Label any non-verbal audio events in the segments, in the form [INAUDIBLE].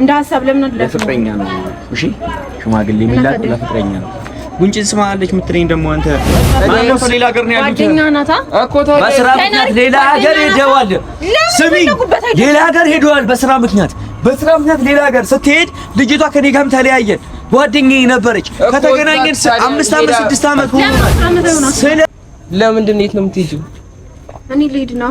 እንደ ሀሳብ ለምን ለፍቅረኛ ነው? እሺ ሽማግሌ የሚላክ ለፍቅረኛ ነው። ጉንጭ ስማለች የምትለኝ ደግሞ አንተ ማነው? ሌላ ሀገር ነው ያሉት በስራ ምክንያት ሌላ ሀገር ሄደዋል። ስሚ ሌላ ሀገር ሄደዋል በስራ ምክንያት በስራ ምክንያት ሌላ ሀገር ስትሄድ ልጅቷ ከኔ ጋርም ተለያየን። ጓደኛዬ ነበረች። ከተገናኘን አምስት አመት ስድስት አመት ሆኖናል። ለምንድን ነው የት ነው የምትሄጂው? እኔ ልሂድ ነው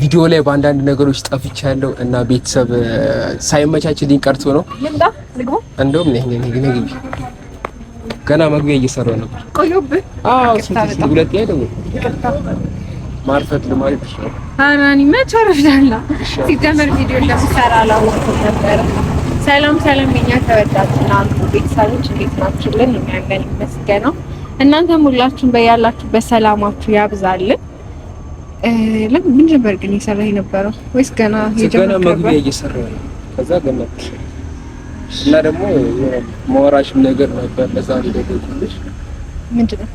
ቪዲዮ ላይ በአንዳንድ ነገሮች ጠፍቻለሁ እና ቤተሰብ ሳይመቻችልኝ ቀርቶ ነው። እንደውም ነኝ ገና መግቢያ እየሰራሁ ነበር። አዎ ሁለት ማርፈት ለማለት አራኒ ሲጀመር ቪዲዮ ሰላም ሰላም፣ የኛ ተወዳጅና ቤተሰቦች እንዴት ናችሁልን? የሚያንገን ይመስገነው። እናንተም ሁላችሁም በያላችሁበት በሰላማችሁ ያብዛልን። ምን ነበር ግን እየሰራ የነበረው ወይስ ገና ገና መግቢያ እየሰራ ነው? ከዛ ገመት እና ደግሞ መወራሽም ነገር ነበር። ለዛ እንደገቁልሽ ምንድን ነው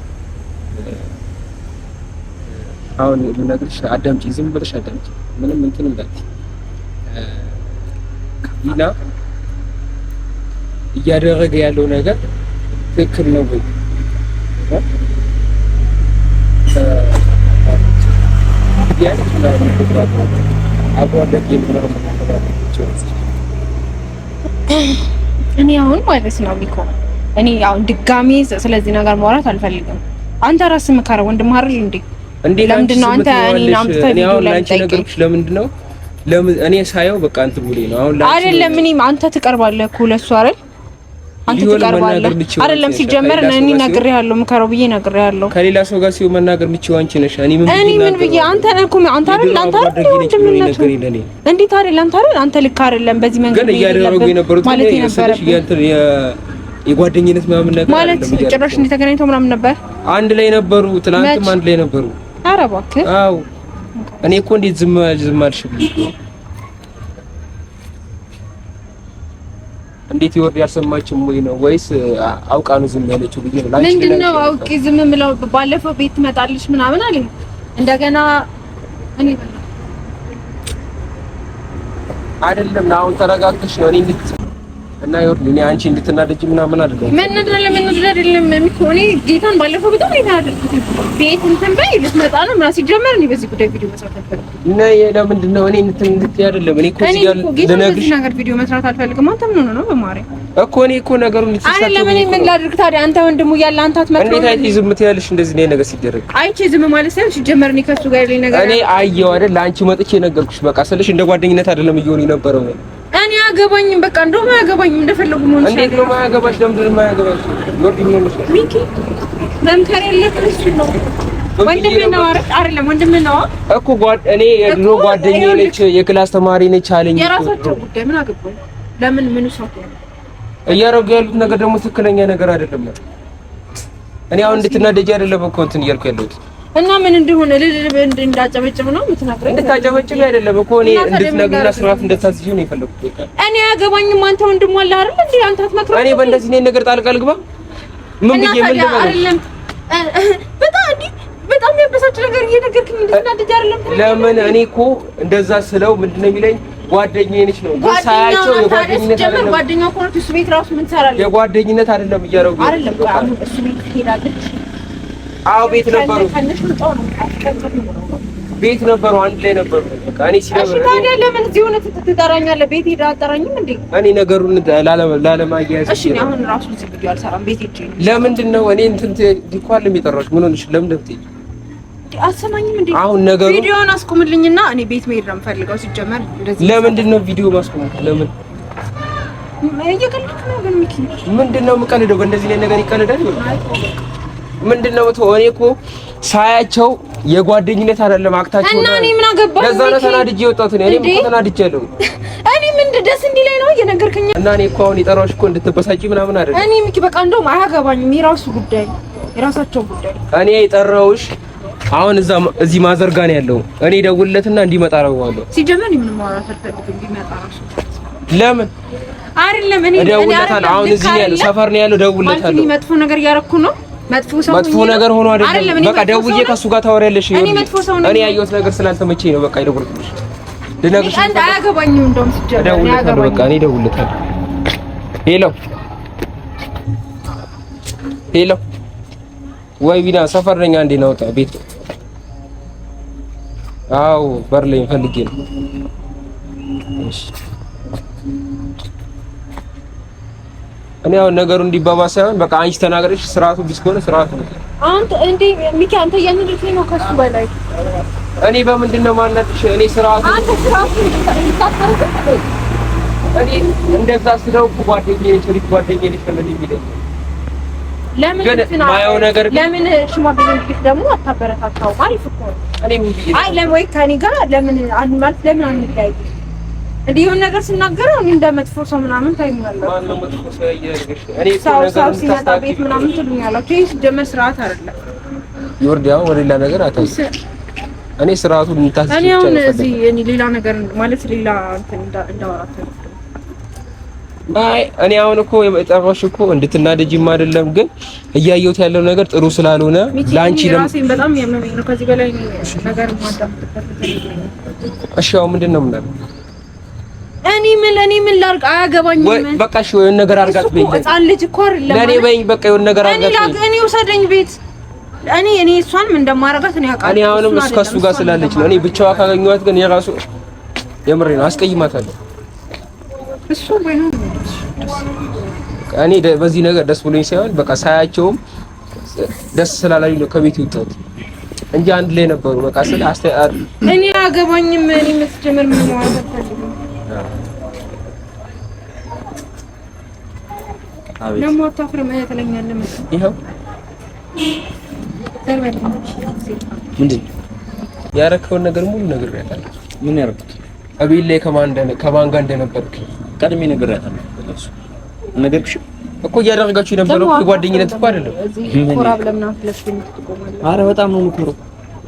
አሁን ልነግርሽ። አዳምጪ፣ ዝም ብለሽ አዳምጪ። ምንም እንትን እንዳትዪ። ሊና እያደረገ ያለው ነገር ትክክል ነው ወይ? እኔ አሁን ማለት ነው ሚኮ እኔ አሁን ድጋሚ ስለዚህ ነገር ማውራት አልፈልግም። አንተ ራስህ መካረ ወንድም አይደል እንዴ? እንዴ ለምንድን ነው አንተ እኔን አምጥተህ ቪዲዮ ላይ ነገርኩሽ። ለምንድን ነው ለምን እኔ ሳየው በቃ አንተ ቡሌ ነው አሁን አይደለም። እኔም አንተ ትቀርባለህ እኮ ለእሱ አይደል አንተ ትቀርባለህ አይደለም። ሲጀመር እኔ ነግሬሃለሁ፣ ምከረው ብዬ ነግሬሃለሁ። ከሌላ ሰው ጋር ሲሆን መናገር የምችይው አንቺ ነሽ። እኔ ምን ብዬ አንተ ነህ አንተ አይደል አንተ አይደል ወንድምነቱ እንዴት አይደል አንተ አይደል አንተ ልክ አይደለም። በዚህ መንገድ ግን እያደረጉ የነበሩት ማለት የነበረብህ የጓደኝነት ምናምን ነገር ማለት ጭራሽ እንዴት ተገናኝቶ ምናምን ነበር። አንድ ላይ ነበሩ፣ ትናንትም አንድ ላይ ነበሩ። ኧረ እባክህ አዎ። እኔ እኮ እንዴት ዝም ዝም አልሽ ብዬሽ እንዴት ይወርድ ያልሰማችም ወይ ነው ወይስ አውቃኑ ዝም ያለችው ብዬ ነው። ላንቺ ምንድን ነው አውቄ ዝም የምለው? ባለፈው ቤት ትመጣለች ምናምን አለ እንደገና እኔ አይደለም አሁን ተረጋግተሽ ነው እኔ እና ይኸውልህ እኔ አንቺ እንድትናደጂ ምናምን አይደለም። መናደድ አይደለም መናደድ አይደለም እኮ እኔ ጌታን ባለፈው በጣም የተናደድኩት ቤት እንትን በይ ልትመጣ ነው ምናምን ሲጀመር እኔ በዚህ ጉዳይ ቪዲዮ መስራት አልፈልግም። እና ለምንድን ነው እኔ እንትን እንድትይ አይደለም። እኔ እኮ እዚህ ጋር ልነግርሽ ነገር ቪዲዮ መስራት አልፈልግም። አንተ ምን ሆነህ ነው በማርያም እኮ እኔ እኮ ነገሩን ልትሳሳት አይደለም። እኔ ምን ላድርግ ታዲያ? አንተ ወንድሙ እያለ አንተ አትመጣም። እንዴት አይቼ ዝም ትያለሽ? እንደዚህ ነው ነገር ሲደረግ አይቼ ዝም ማለት ሳይሆን ሲጀመር እኔ ከእሱ ጋር ያለኝ ነገር እኔ አየሁ አይደል? ለአንቺ መጥቼ ነገርኩሽ። በቃ ስልሽ እንደ ጓደኝነት አይደለም እየሆነ የነበረው እኔ አገበኝም በቃ እንደውም አያገባኝም። እንደፈለጉ ነው። እንዴ ነው ማያገባሽ? ለምንድን ነው ማያገባሽ? ኖርዲ ምን ነው ሚኪ መምከር ያለብን ነው። ወንድምህ ነው እኮ ጓደኛዬ ነች፣ የክላስ ተማሪ ነች አለኝ። ለምን እያደረጉ ያሉት ነገር ደግሞ ትክክለኛ ነገር አይደለም። እኔ አሁን እንድትናደጂ አይደለም እኮ እንትን እያልኩ ያለሁት እና ምን እንደሆነ እንዳጨበጭብ ነው የምትናገረኝ? እንድታጨበጭብ አይደለም እኮ እኔ እንድትነግሪና ስርዓት እንድታስይዥ ነው የፈለኩት። እኔ አያገባኝም። አንተ ወንድሟ አለ አይደል እንዴ? አንተ አትመክረው። እኔ በእንደዚህ እኔን ነገር ጣልቃ ልግባ? ምን ብዬሽ ምን ልበለው? አይደለም በጣም እንዴ በጣም የሚያበሳጭ ነገር እየነገርክኝ እንድትናደድ አይደለም። ለምን እኔ እኮ እንደዛ ስለው ምንድን ነው የሚለኝ ጓደኛዬ ነች ነው ሳያቸው፣ የጓደኝነት አይደለም። ጓደኛው እኮ ነው እሱ ቤት ራሱ ምን ትሰራለች? የጓደኝነት አይደለም እያደረጉ አይደለም። እሱ ቤት ትሄዳለች አዎ ቤት ነበሩ፣ ቤት ነበሩ፣ አንድ ላይ ነበሩ። እኔ ሲደብር ታዲያ ለምን እዚህ ሆነ ትጠራኛለህ? ቤት ሄደህ አጠራኝም እንዴ? እኔ ነገሩን ላለማያያዝ እሺ። አሁን ራሱ እዚህ ቪዲዮ አልሰራም። ቤት ሄጄ ለምንድን ነው እኔ እንትን ዲኳል የጠራሁሽ? ምን ሆነሽ? ለምን ደብተኝ አሰማኝም እንዴ? አሁን ነገሩ ቪዲዮውን አስቁምልኝና እኔ ቤት መሄድ ነው የምፈልገው። ሲጀመር እንደዚህ ለምንድን ነው ቪዲዮ ማስቆም? ለምን እየቀለድክ ነው? ግን ምንድን ነው የምቀልደው? በእንደዚህ ላይ ነገር ይቀልዳል? ምንድነው ነው እኔ እኮ ሳያቸው የጓደኝነት አይደለም አክታቸው እና እኔ ምን አገባኝ? ለዛ ነው ተናድጄ የወጣሁት። እኔ [LAUGHS] እኔ ተናድጄ ተናድጃለሁ። እኔ ምንድን ደስ እንዲለኝ ነው እየነገርከኝ እና እኔ እኮ አሁን የጠራሁሽ እኮ እንድትበሳጪ ምናምን አይደለም። እኔ ሚኪ በቃ እንደውም አያገባኝም። የራሱ ጉዳይ የራሳቸው ጉዳይ። እኔ የጠራሁሽ አሁን እዛ እዚህ ማዘርጋ ነው ያለው። እኔ ደውልለትና እንዲመጣ አደርገዋለሁ። ሲጀመር ምን ማውራት አልፈልግም። እንዲመጣ ራሱ ለምን አይደለም እኔ እኔ አሁን እዚህ ያለው ሰፈር ነው ያለው። ደውልለታለሁ። መጥፎ ነገር እያደረኩ ነው መጥፎ ነገር ሆኖ አይደለም። በቃ ደውዬ ከሱ ጋር ታወሪያለሽ። እኔ መጥፎ ሰው ነኝ? እኔ ያየሁት ነገር ስላልተመቸኝ ነው። በቃ ይደውልልሽ ልነግርሽ አንድ አያገባኝም። እንደውም ሲጀምር ሲጀመር በቃ እኔ እደውልለታለሁ። ሄሎ ሄሎ፣ ወይ ቢና ሰፈር ነኝ። አንዴ ነው ናውጣ ቤት። አዎ በር ላይ ፈልጌ ነው። እሺ እኔ አሁን ነገሩ እንዲባባስ ሳይሆን በቃ አንቺ ተናገረሽ። ስርዓቱ ቢስ ከሆነ ስርዓቱ ነው። አንተ እንዴ ሚኪ፣ አንተ እያናደድከኝ ነው ከሱ በላይ እኔ በምንድን ነው ማናትሽ? እኔ ስርዓቱ አንተ ስርዓቱ እኔ እንደዛ ስለው ጓደኛዬ ነሽ ጓደኛዬ ነሽ ነው የሚለኝ። ለምን ማየው ነገር ለምን ሽማግሌ ልጅ ደግሞ አታበረታታውም? አሪፍ እኮ ነው። እኔ ምን አይ ለምን ወይ ከእኔ ጋር ለምን አንማልት ለምን አንለያይም? እንዲህ የሆነ ነገር ስናገረው እንደ መጥፎ ሰው ምናምን ታይኛለሁ። ሰው ሰው ሲመጣ ቤት ምናምን ትሉኛላችሁ። ይህ ሲጀመር ስርዓት አይደለም። ይወርድ ወደ ሌላ ነገር አታስ እኔ ስርዓቱን እንታስብ። እኔ አሁን እዚህ እኔ ሌላ ነገር ማለት ሌላ እንትን እንዳወራት አይ እኔ አሁን እኮ የጠራሁሽ እኮ እንድትናደጂም አይደለም፣ ግን እያየሁት ያለው ነገር ጥሩ ስላልሆነ ላንቺ ነው። በጣም ያመመኝ ነው። ከዚህ በላይ ነገር ማዳም ተፈጠረ። እሺ አሁን ምንድን ነው እኔ ምን ለኔ ምን ላድርግ? አያገባኝም። ወይ በቃ እሺ፣ ወይ ነገር አድርጋት ቤት ህፃን ልጅ እኮ አይደለም ለኔ በይኝ። በቃ የሆነ ነገር አድርጋት እኔ ውሰደኝ ቤት እኔ እኔ እሷን ምን እንደማደርጋት እኔ አውቃለሁ። እኔ አሁንም እስከ እሱ ጋር ስላለች ነው። እኔ ብቻዋ ካገኘኋት ግን የራሱ የምሬ ነው አስቀይማታለሁ። እሱ ወይ ነው እኔ በዚህ ነገር ደስ ብሎኝ ሳይሆን በቃ ሳያቸውም ደስ ስላላኝ ነው ከቤት የወጣሁት እንጂ አንድ ላይ ነበሩ። በቃ ስለ አስተያየት እኔ አያገባኝም። እኔ መስጀመር ምን ማለት ነው ደግሞ አታፍርም ትለኛለህ መሰለኝ። ይኸው ምንድን ነው ያረከውን ነገር ሙሉ ነግሬያታለሁ። ምን ያረኩት? አቤል ላይ ከማን ጋር እንደነበርክ ቀድሜ ነግሬያታለሁ። ነገርኩሽ እኮ እያደረጋችሁ የነበረው የጓደኝነት እኮ አይደለም። አረ በጣም ነው የምኮረው።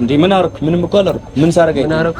እንዴ ምን አረኩ? ምንም እኮ አላረኩ። ምን ምን አረኩ?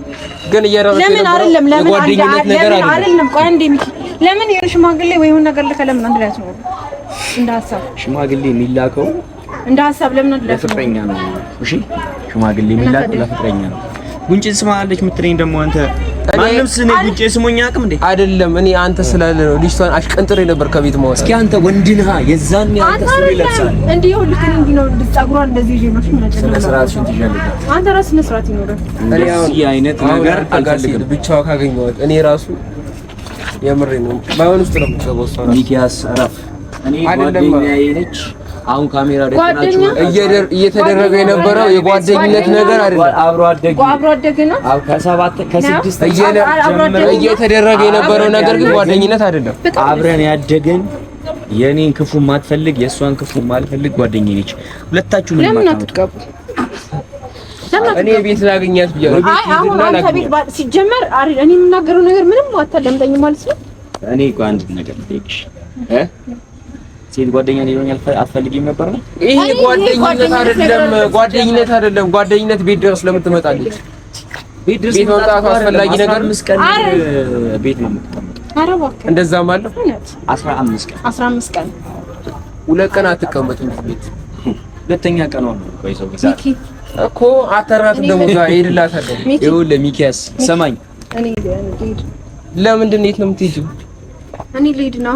ግን እየረበሽ ለምን አይደለም? ለምን አንድ ነገር አይደለም። ቆይ አንዴ ሚኪ፣ ለምን የሆነ ሽማግሌ ወይ የሆነ ነገር ልከህ ለምን አንድ ላይ አትኖሩም? እንደ ሀሳብ ሽማግሌ የሚላከው እንደ ሀሳብ ለምን አንድ ላይ ለፍቅረኛ ነው። እሺ ሽማግሌ የሚላከው ለፍቅረኛ ነው። ጉንጭን ስማ አለች የምትለኝ ደግሞ አንተ ማንም ስነ ጉጬ ስሞኛ አቅም እንዴ አይደለም። እኔ አንተ ስላለ ነው ልጅቷን አሽቀንጥሬ ነበር ከቤት ማውጣት። እስኪ አንተ ወንድ ነህ የዛን ያንተ ስለ ይለብሳል እኔ ራሱ የምሬ ነው ባይሆን ውስጥ ነው ሚኪያስ አራፍ እኔ ጓደኛዬ ነች አሁን ካሜራ እየተደረገ የነበረው የጓደኝነት ነገር አይደለም። አብሮ አደግ አብሮ አደግ ነው። ከሰባት ከስድስት እየተደረገ የነበረው ነገር ግን ጓደኝነት አይደለም። አብረን ያደገን የኔን ክፉ ማትፈልግ የእሷን ክፉ ማልፈልግ ጓደኛ ነች። ሁለታችሁ ምን ማለት እኔ ቤት ላገኛት ብያለሁ። አይ አሁን አንተ ቤት ሲጀመር እኔ የምናገረው ነገር ምንም አታዳምጠኝም ማለት ነው። እኔ አንድ ነገር እ ሴት ጓደኛ ሊሆን አትፈልጊም ነበር ይሄ ጓደኝነት አይደለም፣ ጓደኝነት አይደለም። ጓደኝነት ቤት ድረስ ለምን ትመጣለች? ቤት ድረስ መምጣቱ አስፈላጊ ነገር አምስት ቤት ነው የምትቀመጠው። እንደዛ ማለት ነው። 15 ቀን 15 ቀን ሁለት ቀን አትቀመጥም ቤት። ሁለተኛ ቀን ነው ወይ ሰው ቢዛት እኮ አተራት ደሞ ጋር ሄድላታል። ይኸውልህ ሚኪያስ ሰማኝ። ለምንድን ነው የት ነው የምትሄጂው? እኔ ልሂድ ነው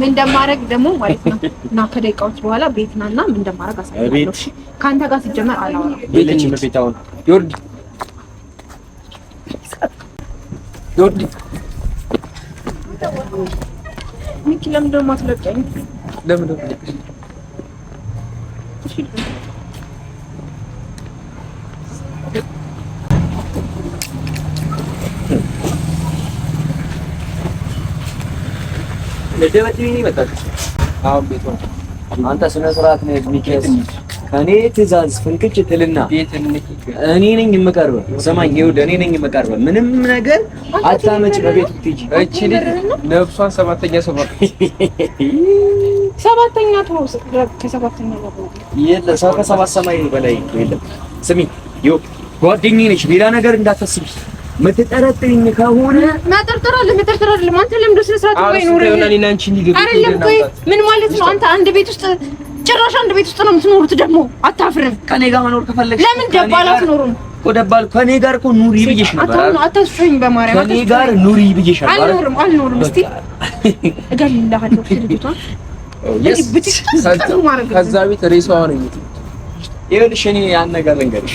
ምን እንደማደርግ ደግሞ ማለት ነው እና ከደቂቃዎች በኋላ ቤት ና እና ምን እንደማደርግ አሳያለሁ። እሺ ከአንተ ጋር ሲጀመር አላወራም። ለምን ደግሞ አትለቀኝም? አንተ ስነ ስርዓት ነው የሚቀስ ከኔ ትእዛዝ ፍንክች ትልና እኔ ነኝ የምቀርበው። ስማኝ ይኸውልህ፣ እኔ ነኝ የምቀርበው። ምንም ነገር አታመጭ። በቤት ትጂ እቺ ልጅ ነፍሷን ሰባተኛ ሰባት ሰባተኛ ነው ከሰባተኛ ነው የለ ሰው ከሰባት ሰማይ በላይ የለም። ስሚ ይኸው ጓደኛዬ ነች፣ ሌላ ነገር እንዳታስቢ የምትጠረጥሪኝ ከሆነ መጠርጠር አለ አንተ ለምዶ ስለ ስርዓት ወይ ኑሮ አይደለም ወይ? ምን ማለት ነው? አንተ አንድ ቤት ውስጥ ጭራሽ አንድ ቤት ውስጥ ነው የምትኖሩት። ደግሞ አታፍርም? ከኔ ጋር መኖር ከፈለግሽ ለምን ደባል አትኖሩም? ደባል ከኔ ጋር እኮ ኑሪ ብዬሽ ነበር። አታስፈኝ፣ በማርያም ከኔ ጋር ኑሪ ብዬሽ ነበር። አልኖርም፣ አልኖርም። እስቲ እገልልሃለሁ። oh, [LAUGHS] ከዛ ቤት ሬሳዋ ነው የምትሉት። ይኸውልሽ እኔ ያን ነገር ልንገርሽ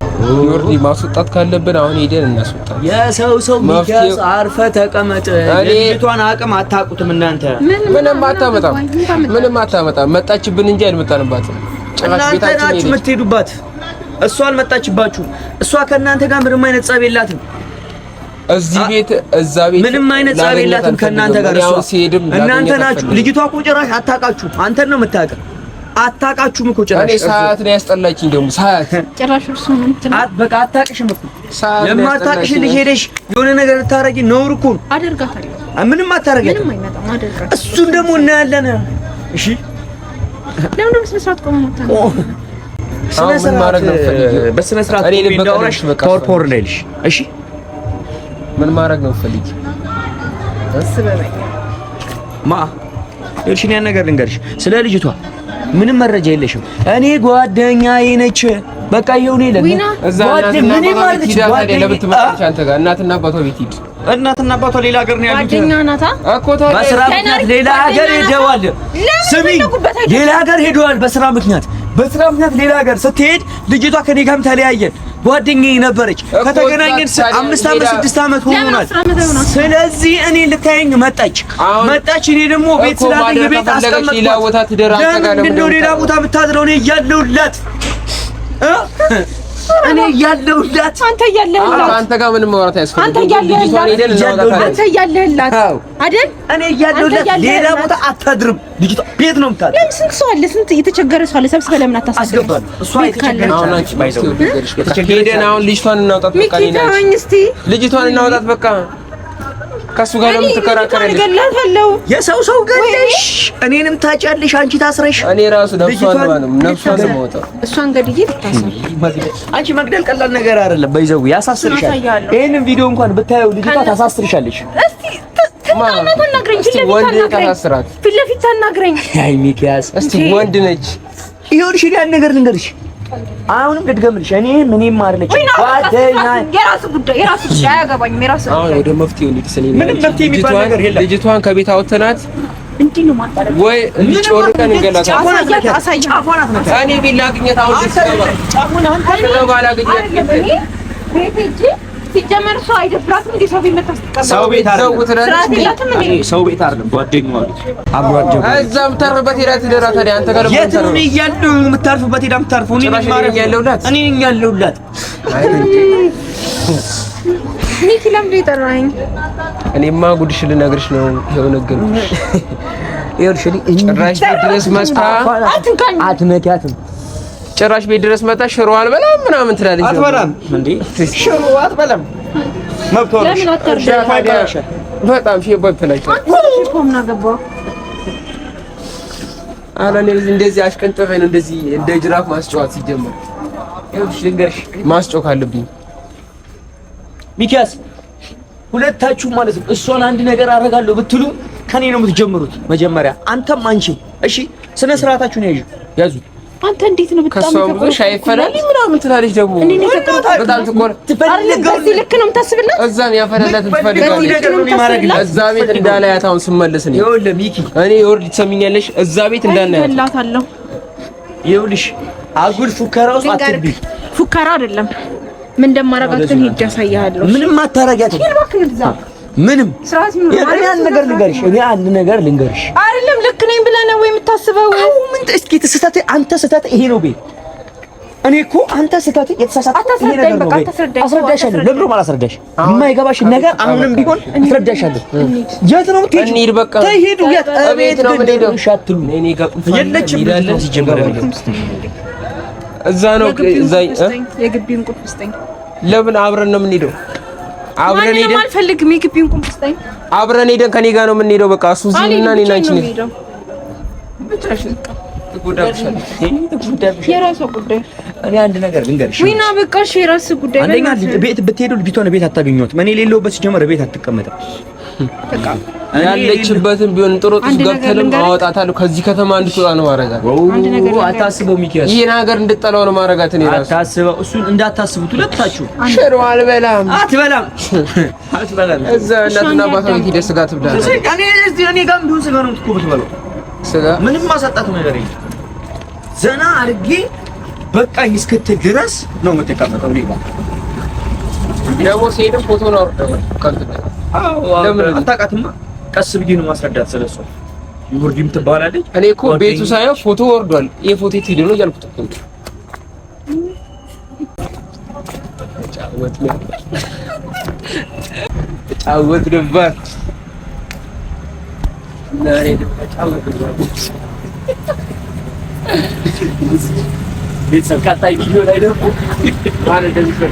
ዮርዲ ማስወጣት ካለብን አሁን ሄደን እናስወጣት። የሰው ሰው ሚካስ አርፈ ተቀመጥ። ልጅቷን አቅም አታውቁትም እናንተ። ምንም አታመጣም፣ ምንም አታመጣም። መጣችብን እንጂ አልመጣንባትም። ጭራሽ ቤታችን የምትሄዱባት እሷ አልመጣችባችሁ። እሷ ከእናንተ ጋር ምንም አይነት ጸብ የላትም። እዚህ ቤት እዛ ቤት ምንም አይነት ጸብ የላትም ከእናንተ ጋር። እሷ እናንተ ናችሁ። ልጅቷ እኮ ጭራሽ አታውቃችሁ። አንተን ነው የምታውቀው አታውቃችሁም እኮ ጭራሽ ሰዓት ነው ያስጠላችኝ። ደግሞ ሰዓት ጭራሽ እርሱ ምን ትናት በቃ አታውቅሽም እኮ ለማታውቅሽ ልሄደሽ የሆነ ነገር ልታረጊ ነውር እኮ ነው። አደርጋታለሁ። ምንም አታረጊያትም። እሱን ደግሞ እናያለን። እሺ ለምን ነው ስነ ስርዓት ቆሞ ስነ ስርዓት በስነ ስርዓት እንዳወራሽ ፖር ፖር ልሽ። እሺ ምን ማድረግ ነው ፈልጊ ማ ይልሽን ያን ነገር ልንገርሽ ስለ ልጅቷ ምንም መረጃ የለሽም። እኔ ጓደኛ ነች በቃ ይኸው ነው ይላል። ምንም ማለት እናትና አባቷ ቤት ሂድ። እናትና አባቷ ሌላ ሀገር ነው ያሉት። ጓደኛ ናታ እኮ በስራ ምክንያት ሌላ ሀገር ሄደዋል። ስሚ፣ ሌላ ሀገር ሄደዋል በስራ ምክንያት በስራ ምክንያት ሌላ ሀገር ስትሄድ ልጅቷ ከኔ ጋርም ተለያየን ጓደኛዬ ነበረች። ከተገናኘን አምስት ዓመት ስድስት ዓመት ሆኖናል። ስለዚህ እኔ ልታየኝ መጣች መጣች። እኔ ደግሞ ቤት ስላለኝ ቤት አስቀመጥኳት። ለምን እንደው ሌላ ቦታ ብታድረው እኔ እያለሁላት እኔ እያለሁላት አንተ እያለህላት አንተ ጋር ምንም ማውራት አያስፈልግም። አንተ እያለህላት አይደል? እኔ እያለሁላት ሌላ ቦታ አታድርም። ልጅቷ ቤት ነው የምታድር። ለምን ስንት ሰው አለ? ስንት የተቸገረ ሰው አለ? ሰብስበህ ለምን አታስገባም? እሷ የተቸገረች አሁን ልጅቷን እናውጣት። በቃ ልጅቷን እናውጣት። በቃ ከሱ ጋር ለምን ትከራከራለሽ? የሰው ሰው ገለሽ፣ እኔንም ታጫለሽ፣ አንቺ ታስረሽ። እኔ ራሱ አንቺ መግደል ቀላል ነገር አይደለም። በይዘው ያሳስርሻል። ይሄንን ቪዲዮ እንኳን ብታየው ልጅቷ ታሳስርሻለሽ። እስቲ ወንድ ነች። ይኸውልሽ ያን ነገር ልንገርሽ አሁንም ልድገምልሽ፣ እኔ ምንም አይደለች። ጓደኛ የራሱ ጉዳይ የራሱ ጉዳይ አያገባኝም። የራሱ ጉዳይ ወደ መፍትሄው እንሂድ። እኔ ምንም መፍትሄ የሚባል ነገር የለም። ልጅቷን ከቤት አውጥተናት እንዲህ ነው የማታደርገው ወይ ጫፉን አንተ ነው ባላግኘት ቤት ሲጀመር ሰው አይደብራትም እንዴ? ሰው ቤት መጣስ ሰው ቤት አይደለም፣ ሰው ቤት አይደለም። ጓደኛዋ አብሯቸው እዛ የምታርፍበት ሄዳ ትደራ። ታዲያ አንተ ጋር የት ነው እያለሁ የምታርፍበት ሄዳ የምታርፈው? እኔ እያለሁላት እኔ እያለሁላት ሚኪ ለምዶ የጠራኝ እኔማ ጉድሽ ልነግርሽ ነው ይኸው ነገርኩሽ። [LAUGHS] ይኸውልሽ ጭራሽ ድረስ መስፋ አትንካኝ፣ አትነኪያትም ጭራሽ ቤት ድረስ መጣ። ሽሮ አልበላም ምናምን ትላለች። አትበላም እንዴ? ሽሮ አትበላም መብቷ ነው። በጣም ሽሮ አላኔ እንደዚህ አሽቀንጥሬ ነው እንደዚህ እንደ ጅራፍ ማስጨዋት ሲጀመር ማስጮህ ካለብኝ ሚኪያስ ሁለታችሁ ማለት ነው። እሷን አንድ ነገር አደርጋለሁ ብትሉ ከኔ ነው የምትጀምሩት መጀመሪያ አንተም አንቺ። እሺ ስነ ስርዓታችሁን ያዙ ያዙ አንተ እንዴት ነው በጣም ተቆርሽ አይፈላል ምናምን ትላለች። ደግሞ በጣም ትቆር በዚህ ልክ ነው የምታስብላት። እዛም ያፈላላት ትፈልጋለች። እዛ ቤት እንዳላያት አሁን ስመለስ እኔ ይኸውልህ ሚኪ እኔ ይወርድ ትሰሚኛለሽ። እዛ ቤት እንዳላያት ይኸውልሽ፣ አጉል ፉከራ ውስጥ አትግቢ። ፉከራ አይደለም ምን እንደማረጋትን ሄጄ አሳይሃለሁ። ምንም አታረጊያትም። ምንም ስርዓት ምን ማለት አንድ ነገር ልንገርሽ፣ እኔ አንድ ነገር ልንገርሽ። አይደለም ልክ ነኝ ብለህ ነው የምታስበው? ምን እስኪ ስህተት፣ አንተ ስህተት ይሄ ነው ቤት። እኔ እኮ አንተ ስህተት የተሳሳተ ይሄ ነገር ነው አስረዳሻለሁ። ለምን ነው አላስረዳሽ? የማይገባሽ ነገር አሁንም ቢሆን አስረዳሻለሁ። የት ነው የምትሄጂው? በቃ ተሄዱ። የት እቤት ነው የምንሄደው? ሻትሉ የለችም እዛ ነው። ለምን አብረን ነው የምንሄደው? አብረን ሄደን አልፈልግም። የግቢውን ኮምፖስታኝ አብረን ሄደን ከኔ ጋር ነው የምንሄደው። በቃ እሱ እና እኔና አንቺ ነው አንድ ጉዳይ ቤት ብትሄዱ ልጅቷን ቤት አታገኟትም። እኔ የሌለሁበት ሲጀመር ቤት አትቀመጥም። ያለችበትን ቢሆን ጥሩ ጥሩ ገብተንም አወጣታለሁ። ከዚህ ከተማ እንድትወጣ ነው ማረጋት። አታስበው ሚኪያስ፣ ይሄን ሀገር እንድጠላው ነው ማረጋት። እኔ ራሱ አታስበው፣ እሱን እንዳታስቡት ሁለታችሁ። ሽሮ አልበላም፣ አትበላም፣ [LAUGHS] አትበላም። እዛ እናትና አባቷ ቤት ሂደህ ስጋ ትብላለህ። እኔ እዚህ እኔ ጋርም ቢሆን ስጋ ነው የምትኮ ብትበለው፣ ስጋ ምንም ማሳጣት ነገር የለም። ዘና አድርጌ በቃኝ እስክትል ድረስ ነው የምትቀመጠው። እኔ ጋር ደግሞ ሲሄድም ፎቶ ነው አውርደው ከልት አታውቃትማ። ቀስ ብዬ ነው ማስረዳት ስለሷ። ይወርዲም ትባላለች። እኔ እኮ ቤቱ ሳይሆን ፎቶ ወርዷል። ይሄ ፎቶ የት ሄደ ነው እያልኩት እኮ ተጫወት ነበር ቤተሰብ ቀጣይ ቪዲዮ ላይ ደግሞ